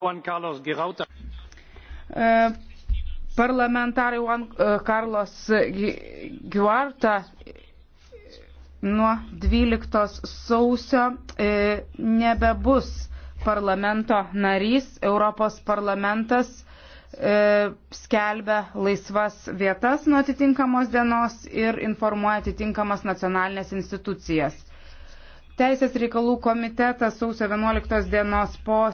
E, parlamentarai Juan e, Carlos Guarta e, nuo 12 sausio nebebus parlamento narys. Europos parlamentas skelbia laisvas vietas nuo atitinkamos dienos ir informuoja atitinkamas nacionalinės institucijas. Teisės reikalų komitetas sausio 11 dienos po